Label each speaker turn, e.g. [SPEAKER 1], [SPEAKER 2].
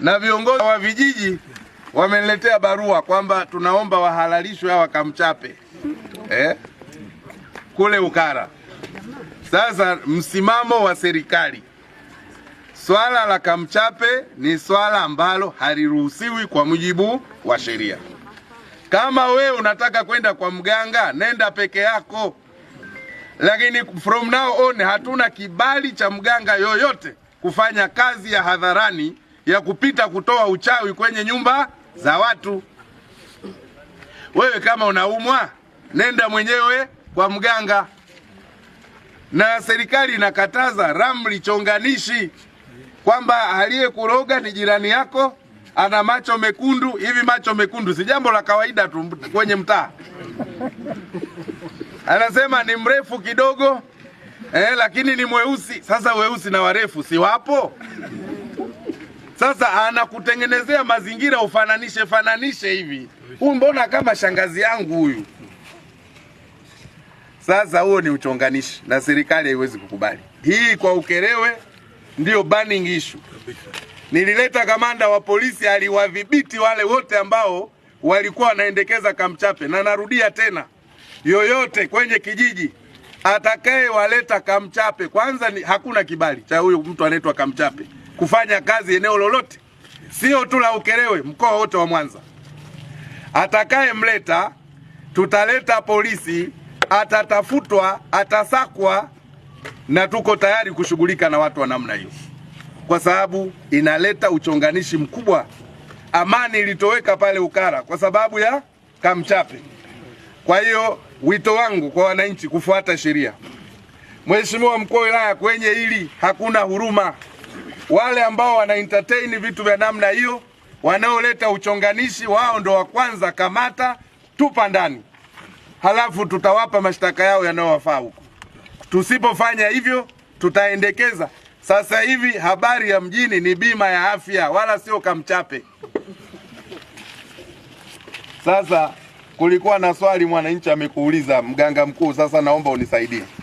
[SPEAKER 1] na viongozi wa vijiji wameniletea barua kwamba tunaomba wahalalishwe hawa kamchape eh, kule Ukara. Sasa msimamo wa serikali, swala la kamchape ni swala ambalo haliruhusiwi kwa mujibu wa sheria. Kama we unataka kwenda kwa mganga, nenda peke yako, lakini from now on hatuna kibali cha mganga yoyote kufanya kazi ya hadharani ya kupita kutoa uchawi kwenye nyumba za watu. Wewe kama unaumwa, nenda mwenyewe kwa mganga. Na serikali inakataza ramli chonganishi kwamba aliyekuroga ni jirani yako, ana macho mekundu. Hivi macho mekundu si jambo la kawaida tu kwenye mtaa. Anasema ni mrefu kidogo eh, lakini ni mweusi. Sasa weusi na warefu si wapo? Sasa anakutengenezea mazingira ufananishe fananishe hivi, huyu mbona kama shangazi yangu huyu. Sasa huo ni uchonganishi na serikali haiwezi kukubali hii. Kwa Ukerewe ndio banning issue. Nilileta kamanda wa polisi, aliwadhibiti wale wote ambao walikuwa wanaendekeza kamchape, na narudia tena, yoyote kwenye kijiji atakayewaleta kamchape kwanza ni, hakuna kibali cha huyu mtu anaitwa kamchape kufanya kazi eneo lolote, sio tu la Ukerewe, mkoa wote wa Mwanza. mleta tutaleta polisi, atatafutwa, atasakwa, na tuko tayari kushughulika na watu wa namna hiyo, kwa sababu inaleta uchonganishi mkubwa. Amani ilitoweka pale Ukara kwa sababu ya Kamchape. Kwa hiyo wito wangu kwa wananchi kufuata sheria. Mheshimiwa mkuu wa wilaya, kwenye hili hakuna huruma. Wale ambao wana entertain vitu vya namna hiyo, wanaoleta uchonganishi, wao ndo wa kwanza kamata, tupa ndani, halafu tutawapa mashtaka yao yanayowafaa huko. Tusipofanya hivyo, tutaendekeza sasa hivi habari ya mjini ni bima ya afya, wala sio kamchape. Sasa kulikuwa na swali mwananchi amekuuliza, mganga mkuu, sasa naomba unisaidie.